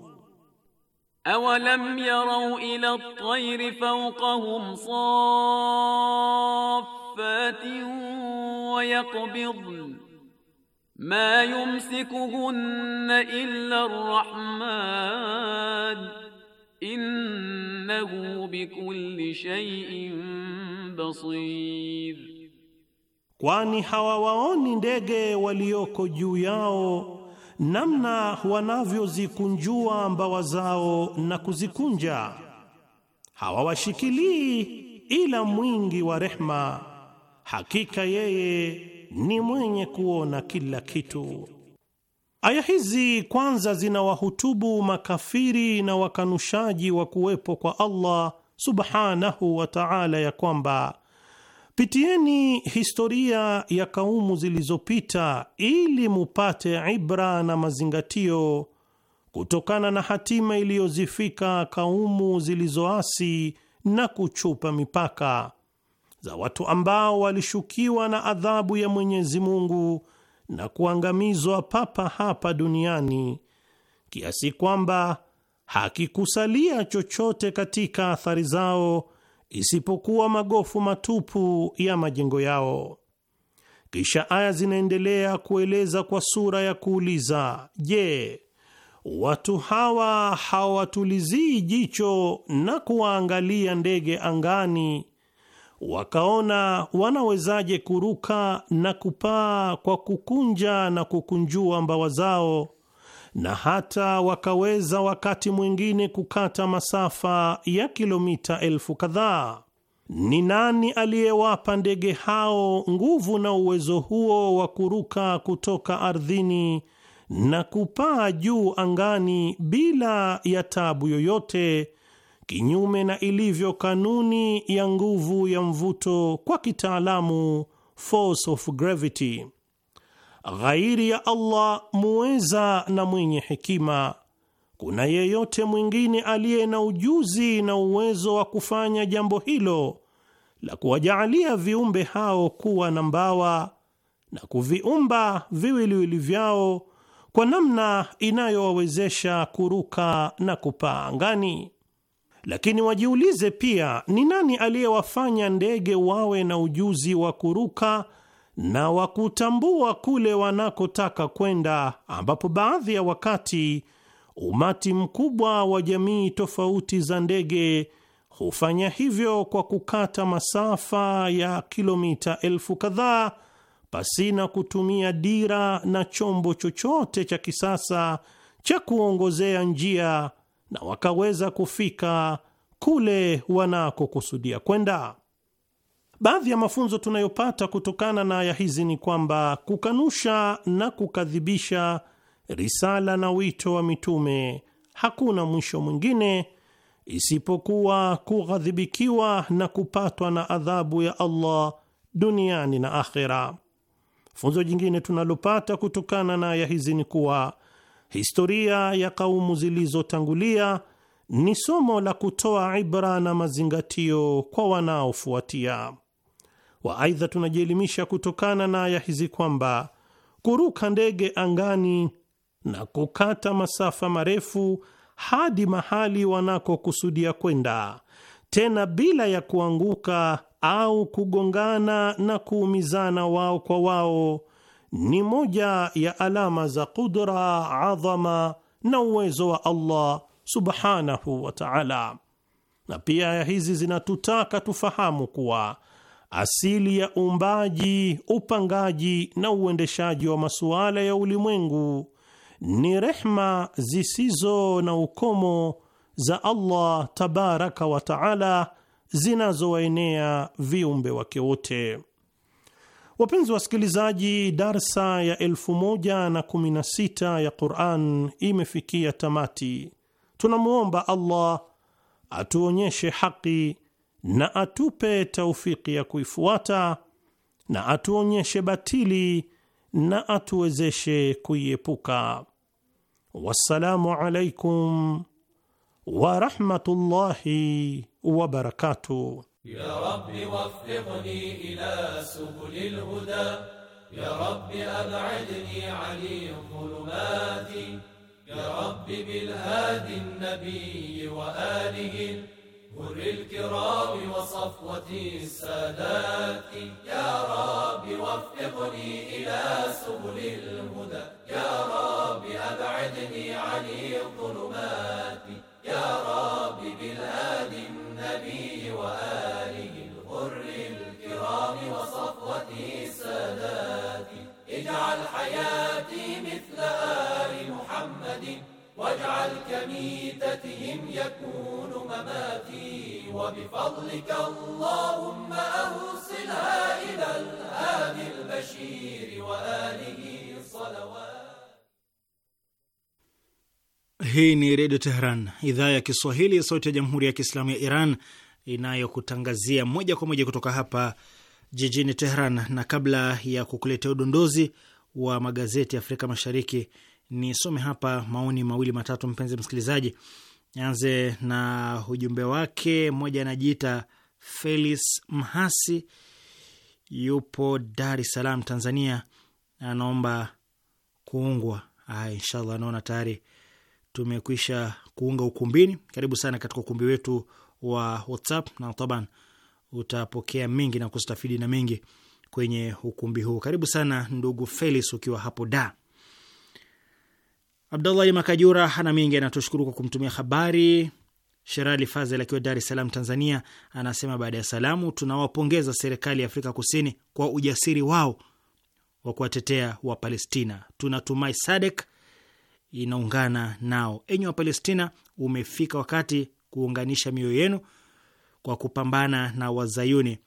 أولم يروا إلى الطير فوقهم صافات ويقبضن ما يمسكهن إلا الرحمن إنه بكل شيء بصير kwani hawawaoni ndege وليوكو juu yao namna wanavyozikunjua mbawa zao na kuzikunja, hawawashikilii ila mwingi wa rehma, hakika yeye ni mwenye kuona kila kitu. Aya hizi kwanza zinawahutubu makafiri na wakanushaji wa kuwepo kwa Allah subhanahu wa ta'ala, ya kwamba Pitieni historia ya kaumu zilizopita ili mupate ibra na mazingatio kutokana na hatima iliyozifika kaumu zilizoasi na kuchupa mipaka za watu ambao walishukiwa na adhabu ya Mwenyezi Mungu na kuangamizwa papa hapa duniani kiasi kwamba hakikusalia chochote katika athari zao isipokuwa magofu matupu ya majengo yao. Kisha aya zinaendelea kueleza kwa sura ya kuuliza, je, watu hawa hawatulizii jicho na kuwaangalia ndege angani wakaona wanawezaje kuruka na kupaa kwa kukunja na kukunjua mbawa zao na hata wakaweza wakati mwingine kukata masafa ya kilomita elfu kadhaa. Ni nani aliyewapa ndege hao nguvu na uwezo huo wa kuruka kutoka ardhini na kupaa juu angani bila ya tabu yoyote, kinyume na ilivyo kanuni ya nguvu ya mvuto, kwa kitaalamu force of gravity? ghairi ya Allah muweza na mwenye hekima, kuna yeyote mwingine aliye na ujuzi na uwezo wa kufanya jambo hilo la kuwajaalia viumbe hao kuwa na mbawa na kuviumba viwiliwili vyao kwa namna inayowawezesha kuruka na kupaa angani? Lakini wajiulize pia, ni nani aliyewafanya ndege wawe na ujuzi wa kuruka na wakutambua kule wanakotaka kwenda, ambapo baadhi ya wakati umati mkubwa wa jamii tofauti za ndege hufanya hivyo kwa kukata masafa ya kilomita elfu kadhaa pasina kutumia dira na chombo chochote cha kisasa cha kuongozea njia na wakaweza kufika kule wanakokusudia kwenda. Baadhi ya mafunzo tunayopata kutokana na aya hizi ni kwamba kukanusha na kukadhibisha risala na wito wa mitume hakuna mwisho mwingine isipokuwa kughadhibikiwa na kupatwa na adhabu ya Allah duniani na akhera. Funzo jingine tunalopata kutokana na aya hizi ni kuwa historia ya kaumu zilizotangulia ni somo la kutoa ibra na mazingatio kwa wanaofuatia wa. Aidha, tunajielimisha kutokana na aya hizi kwamba kuruka ndege angani na kukata masafa marefu hadi mahali wanakokusudia kwenda, tena bila ya kuanguka au kugongana na kuumizana wao kwa wao, ni moja ya alama za kudra, adhama na uwezo wa Allah subhanahu wa ta'ala. Na pia aya hizi zinatutaka tufahamu kuwa asili ya uumbaji, upangaji na uendeshaji wa masuala ya ulimwengu ni rehma zisizo na ukomo za Allah tabaraka wa taala zinazowaenea viumbe wake wote. Wapenzi wasikilizaji, darsa ya elfu moja na sita ya Quran imefikia tamati. Tunamwomba Allah atuonyeshe haki na atupe taufiki ya kuifuata na atuonyeshe batili na atuwezeshe kuiepuka. Wassalamu alaikum wa rahmatullahi wa barakatuh. Ya Rabbi waffiqni ila subulil huda ya Rabbi ab'adni ani dhulumati ya Rabbi bil hadi nabiy wa alihi مر الكرام وصفوة السادات يا رب وفقني إلى سبل الهدى يا رب أبعدني عن الظلمات يا رب بالآد النبي وآله الغر الكرام السادات وبفضلك اللهم أوصلها إلى الهادي البشير وآله صلوات Hii ni Redio Teheran, idhaa ya Kiswahili, sauti ya Jamhuri ya Kiislamu ya Iran inayokutangazia moja kwa moja kutoka hapa jijini Teheran. Na kabla ya kukuletea udondozi wa magazeti ya Afrika Mashariki, nisome hapa maoni mawili matatu, mpenzi msikilizaji. Nianze na ujumbe wake mmoja, anajiita Felis Mhasi, yupo Dar es Salaam, Tanzania. Anaomba kuungwa. Aya, inshallah, anaona tayari tumekwisha kuunga ukumbini. Karibu sana katika ukumbi wetu wa WhatsApp na taban utapokea mengi na kustafidi na mengi kwenye ukumbi huu. Karibu sana ndugu Felis, ukiwa hapo da Abdullahi Makajura hana mingi, anatushukuru kwa kumtumia habari. Sherali Fazel akiwa Dar es Salaam, Tanzania, anasema baada ya salamu, tunawapongeza serikali ya Afrika Kusini kwa ujasiri wao wa kuwatetea Wapalestina. Tunatumai Sadek inaungana nao. Enyi Wapalestina, umefika wakati kuunganisha mioyo yenu kwa kupambana na Wazayuni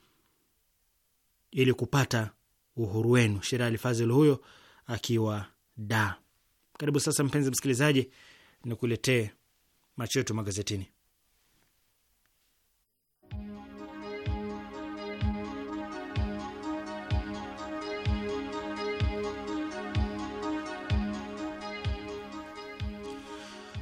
ili kupata uhuru wenu. Sherali Fazel huyo akiwa da karibu sasa, mpenzi msikilizaji, nikuletee macho yetu magazetini.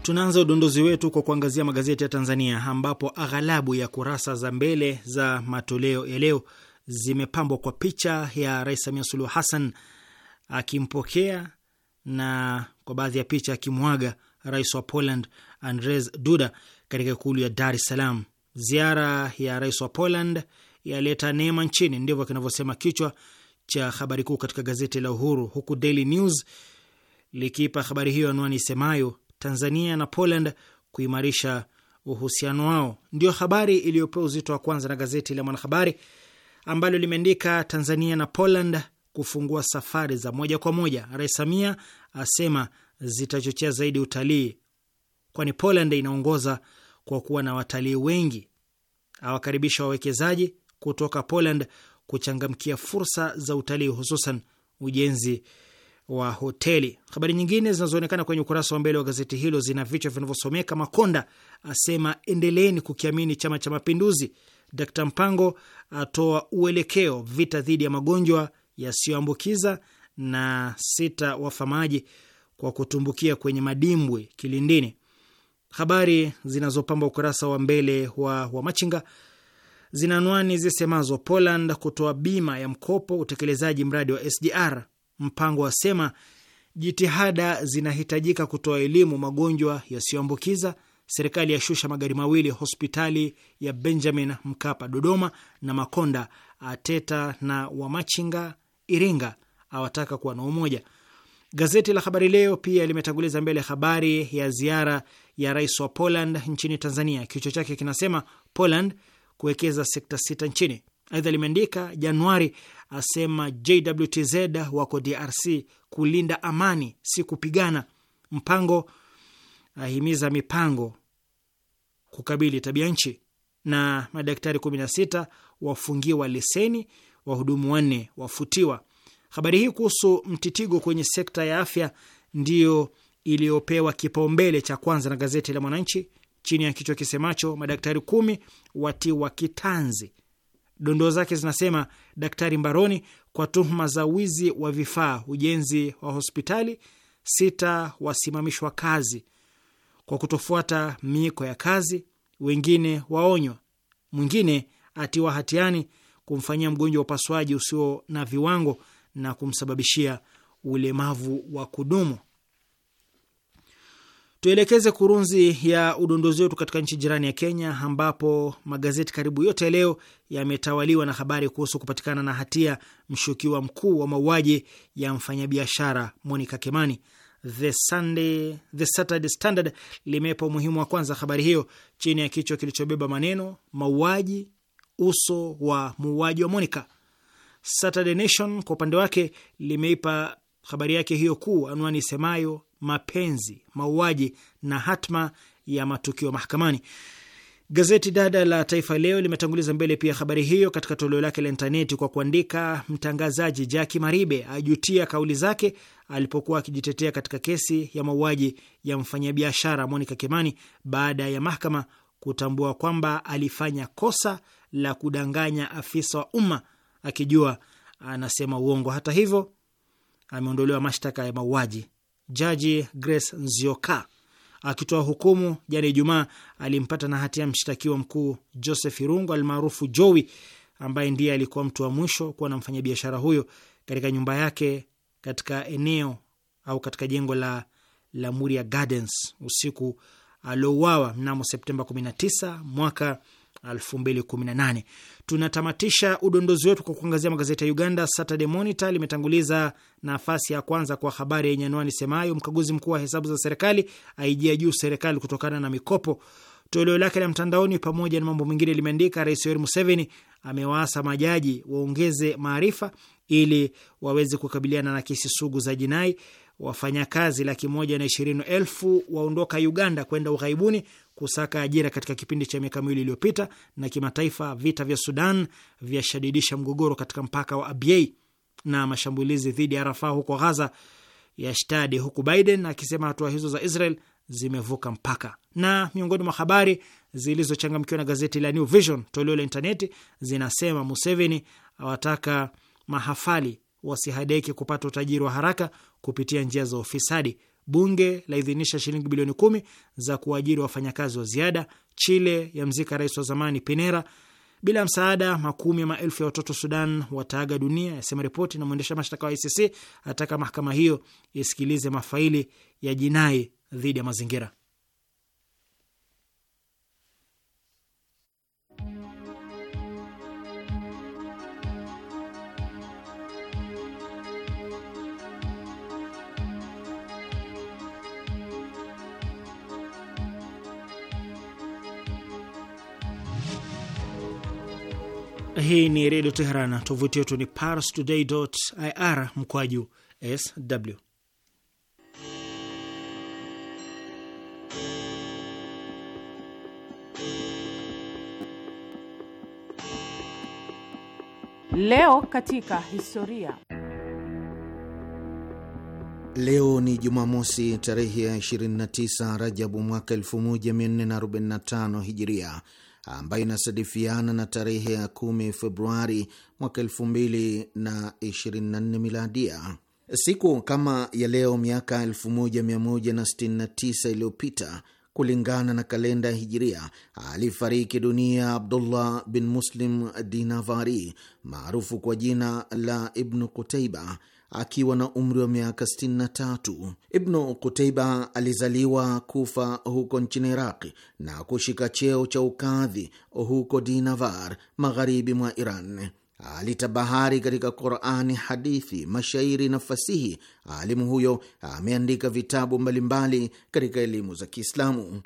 Tunaanza udondozi wetu kwa kuangazia magazeti ya Tanzania, ambapo aghalabu ya kurasa za mbele za matoleo ya leo zimepambwa kwa picha ya Rais Samia Suluhu Hassan akimpokea na kwa baadhi ya picha akimwaga rais wa Poland Andrzej Duda katika ikulu ya Dar es Salaam. Ziara ya rais wa Poland yaleta neema nchini, ndivyo kinavyosema kichwa cha habari kuu katika gazeti la Uhuru, huku Daily News likiipa habari hiyo anwani isemayo Tanzania na Poland kuimarisha uhusiano wao. Ndio habari iliyopewa uzito wa kwanza na gazeti la Mwanahabari ambalo limeandika Tanzania na Poland kufungua safari za moja kwa moja. Rais Samia asema zitachochea zaidi utalii, kwani Poland inaongoza kwa kuwa na watalii wengi. Awakaribisha wawekezaji kutoka Poland kuchangamkia fursa za utalii, hususan ujenzi wa hoteli. Habari nyingine zinazoonekana kwenye ukurasa wa mbele wa gazeti hilo zina vichwa vinavyosomeka: Makonda asema endeleeni kukiamini Chama cha Mapinduzi, Dkt Mpango atoa uelekeo vita dhidi ya magonjwa yasiyoambukiza na sita wafa maji kwa kutumbukia kwenye madimbwi kilindini. Habari zinazopamba ukurasa wa mbele wa Wamachinga zina anwani zisemazo: Poland kutoa bima ya mkopo utekelezaji mradi wa SDR. mpango wasema jitihada zinahitajika kutoa elimu magonjwa yasiyoambukiza, serikali yashusha magari mawili hospitali ya Benjamin Mkapa Dodoma, na Makonda ateta na Wamachinga Iringa awataka kuwa na umoja. Gazeti la Habari Leo pia limetanguliza mbele habari ya ziara ya rais wa Poland nchini Tanzania. Kichwa chake kinasema Poland kuwekeza sekta sita nchini. Aidha limeandika Januari asema JWTZ wako DRC kulinda amani, si kupigana. Mpango ahimiza mipango kukabili tabia nchi, na madaktari sita wafungiwa leseni wahudumu wanne wafutiwa. Habari hii kuhusu mtitigo kwenye sekta ya afya ndiyo iliyopewa kipaumbele cha kwanza na gazeti la Mwananchi chini ya kichwa kisemacho madaktari kumi watiwa kitanzi. Dondoo zake zinasema daktari mbaroni kwa tuhuma za wizi wa vifaa ujenzi wa hospitali, sita wasimamishwa kazi kwa kutofuata miiko ya kazi, wengine waonywa, mwingine atiwa hatiani kumfanyia mgonjwa upasuaji usio na viwango na kumsababishia ulemavu wa kudumu. Tuelekeze kurunzi ya udondozi wetu katika nchi jirani ya Kenya, ambapo magazeti karibu yote leo yametawaliwa na habari kuhusu kupatikana na hatia mshukiwa mkuu wa mauaji ya mfanyabiashara Monica kemani The Sunday, The Saturday Standard limepa umuhimu wa kwanza habari hiyo chini ya kichwa kilichobeba maneno mauaji uso wa muuaji wa Monica. Saturday Nation kwa upande wake limeipa habari yake hiyo kuu anwani semayo mapenzi, mauaji na hatma ya matukio mahakamani. Gazeti dada la Taifa Leo limetanguliza mbele pia habari hiyo katika toleo lake la intaneti kwa kuandika, mtangazaji Jackie Maribe ajutia kauli zake alipokuwa akijitetea katika kesi ya mauaji ya mfanyabiashara Monica Kimani baada ya mahakama kutambua kwamba alifanya kosa la kudanganya afisa wa umma akijua anasema uongo. Hata hivyo, ameondolewa mashtaka ya mauaji. Jaji Grace Nzioka akitoa hukumu jana Ijumaa alimpata na hatia mshtakiwa mkuu Joseph Irungu almaarufu Jowi, ambaye ndiye alikuwa mtu wa mwisho kuwa na mfanyabiashara huyo katika nyumba yake katika eneo au katika jengo la Lamuria Gardens usiku aliouawa mnamo Septemba 19 mwaka 2018. Tunatamatisha udondozi wetu kwa kuangazia magazeti ya Uganda. Saturday Monitor limetanguliza nafasi ya kwanza kwa habari yenye anwani semayo, mkaguzi mkuu wa hesabu za serikali aijia juu serikali kutokana na mikopo. Toleo lake la mtandaoni, pamoja na mambo mengine, limeandika Rais Yoweri Museveni amewaasa majaji waongeze maarifa ili waweze kukabiliana na kesi sugu za jinai. Wafanyakazi laki moja na ishirini elfu waondoka Uganda kwenda ughaibuni kusaka ajira katika kipindi cha miaka miwili iliyopita. Na kimataifa, vita vya Sudan vyashadidisha mgogoro katika mpaka wa Abyei na mashambulizi dhidi ya Rafaa huko Ghaza ya shtadi, huku Biden akisema hatua hizo za Israel zimevuka mpaka. Na miongoni mwa habari zilizochangamkiwa na gazeti la New Vision toleo la intaneti zinasema Museveni awataka mahafali wasihadeki kupata utajiri wa haraka kupitia njia za ufisadi bunge laidhinisha shilingi bilioni kumi za kuajiri wafanyakazi wa ziada. Chile yamzika rais wa zamani Pinera bila msaada. Makumi ya maelfu ya watoto Sudan wataaga dunia, yasema ripoti. Na mwendesha mashtaka wa ICC ataka mahakama hiyo isikilize mafaili ya jinai dhidi ya mazingira. Hii ni Redio Teheran. Tovuti yetu ni parstoday.ir mkwaju sw. Leo katika historia. Leo ni Jumamosi tarehe ya 29 Rajabu mwaka 1445 Hijiria, ambayo inasadifiana na tarehe ya 10 Februari mwaka 2024 miladia. Siku kama ya leo miaka 1169 iliyopita kulingana na kalenda Hijiria, alifariki dunia Abdullah bin Muslim Dinavari, maarufu kwa jina la Ibnu Kutaiba, akiwa na umri wa miaka 63. Ibnu Kutaiba alizaliwa Kufa huko nchini Iraqi na kushika cheo cha ukadhi huko Dinavar, magharibi mwa Iran. Alitabahari katika Qurani, hadithi, mashairi na fasihi. Alimu huyo ameandika vitabu mbalimbali katika elimu za Kiislamu.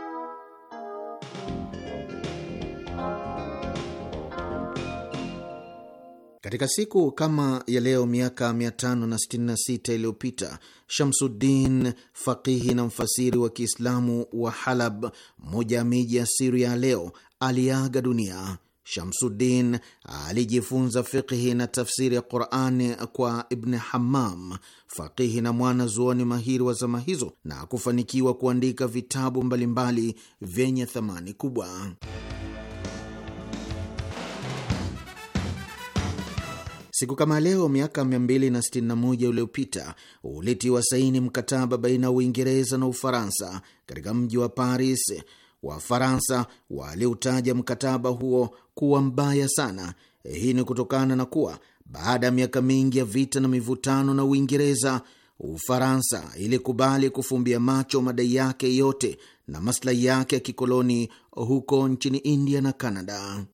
Katika siku kama ya leo miaka 566 iliyopita Shamsuddin, faqihi na mfasiri wa Kiislamu wa Halab, moja ya miji ya Siria ya leo, aliaga dunia. Shamsuddin alijifunza fiqhi na tafsiri ya Qurani kwa Ibni Hammam, faqihi na mwana zuoni mahiri wa zama hizo, na kufanikiwa kuandika vitabu mbalimbali vyenye thamani kubwa. Siku kama leo miaka 261 uliopita ulitiwa saini mkataba baina ya Uingereza na Ufaransa katika mji wa Paris. Wafaransa waliutaja mkataba huo kuwa mbaya sana. Hii ni kutokana na kuwa baada ya miaka mingi ya vita na mivutano na Uingereza, Ufaransa ilikubali kufumbia macho madai yake yote na maslahi yake ya kikoloni huko nchini India na Kanada.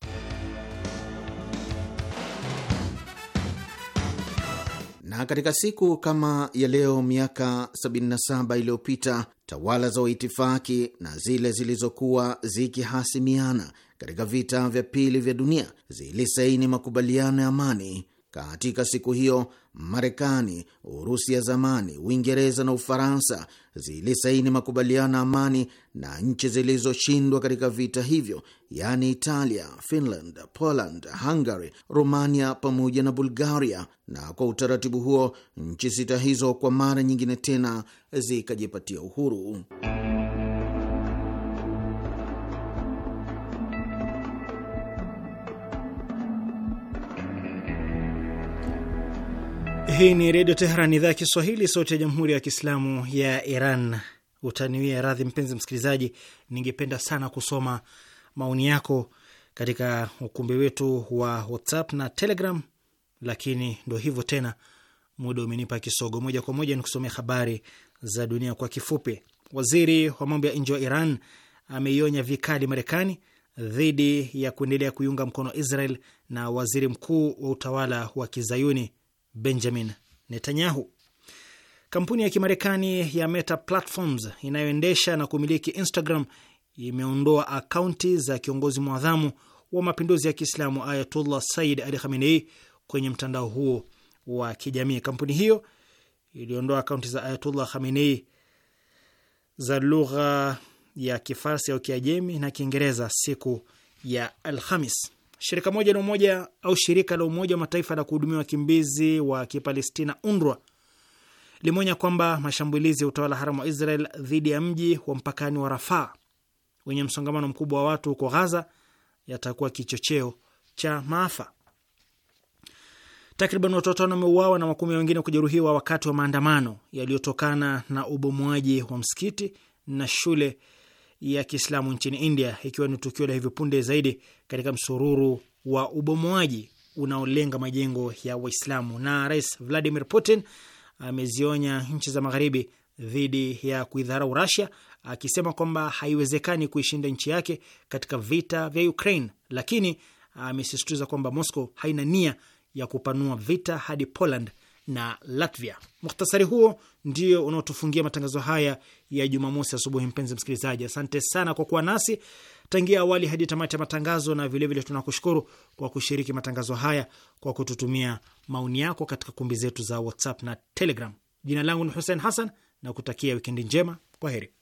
Na katika siku kama ya leo miaka 77 iliyopita tawala za waitifaki na zile zilizokuwa zikihasimiana katika vita vya pili vya dunia zilisaini makubaliano ya amani. Katika siku hiyo Marekani, Urusi ya zamani, Uingereza na Ufaransa zilisaini makubaliano ya amani na nchi zilizoshindwa katika vita hivyo, yaani Italia, Finland, Poland, Hungary, Romania pamoja na Bulgaria. Na kwa utaratibu huo nchi sita hizo kwa mara nyingine tena zikajipatia uhuru. Hii ni Redio Teheran, idhaa ya Kiswahili, sauti ya Jamhuri ya Kiislamu ya Iran. Utaniwia radhi mpenzi msikilizaji, ningependa sana kusoma maoni yako katika ukumbi wetu wa WhatsApp na Telegram, lakini ndo hivyo tena, muda umenipa kisogo. Moja kwa moja ni kusomea habari za dunia kwa kifupi. Waziri wa mambo ya nje wa Iran ameionya vikali Marekani dhidi ya kuendelea kuiunga mkono Israel na waziri mkuu wa utawala wa Kizayuni Benjamin Netanyahu. Kampuni ya Kimarekani ya Meta Platforms inayoendesha na kumiliki Instagram imeondoa akaunti za kiongozi mwadhamu wa mapinduzi ya Kiislamu Ayatullah Sayyid Ali Khamenei kwenye mtandao huo wa kijamii. Kampuni hiyo iliondoa akaunti za Ayatullah Khamenei za lugha ya Kifarsi au Kiajemi na Kiingereza siku ya Alhamis. Shirika moja la Umoja au shirika la Umoja wa Mataifa la kuhudumia wakimbizi wa Kipalestina, UNRWA, limeonya kwamba mashambulizi ya utawala haramu wa Israel dhidi ya mji wa mpakani wa Rafaa wenye msongamano mkubwa wa watu huko Ghaza yatakuwa kichocheo cha maafa. Takriban watu watano wameuawa na makumi wengine kujeruhiwa wakati wa maandamano yaliyotokana na ubomoaji wa msikiti na shule ya Kiislamu nchini India, ikiwa ni tukio la hivi punde zaidi katika msururu wa ubomoaji unaolenga majengo ya Waislamu. Na Rais Vladimir Putin amezionya nchi za Magharibi dhidi ya kuidharau Russia, akisema kwamba haiwezekani kuishinda nchi yake katika vita vya Ukraine, lakini amesisitiza kwamba Moscow haina nia ya kupanua vita hadi Poland na Latvia. Mukhtasari huo ndio unaotufungia matangazo haya ya Jumamosi asubuhi. Mpenzi msikilizaji, asante sana kwa kuwa nasi tangia awali hadi tamati ya matangazo, na vilevile tunakushukuru kwa kushiriki matangazo haya kwa kututumia maoni yako katika kumbi zetu za WhatsApp na Telegram. Jina langu ni Hussein Hassan na kutakia wikendi njema. Kwa heri.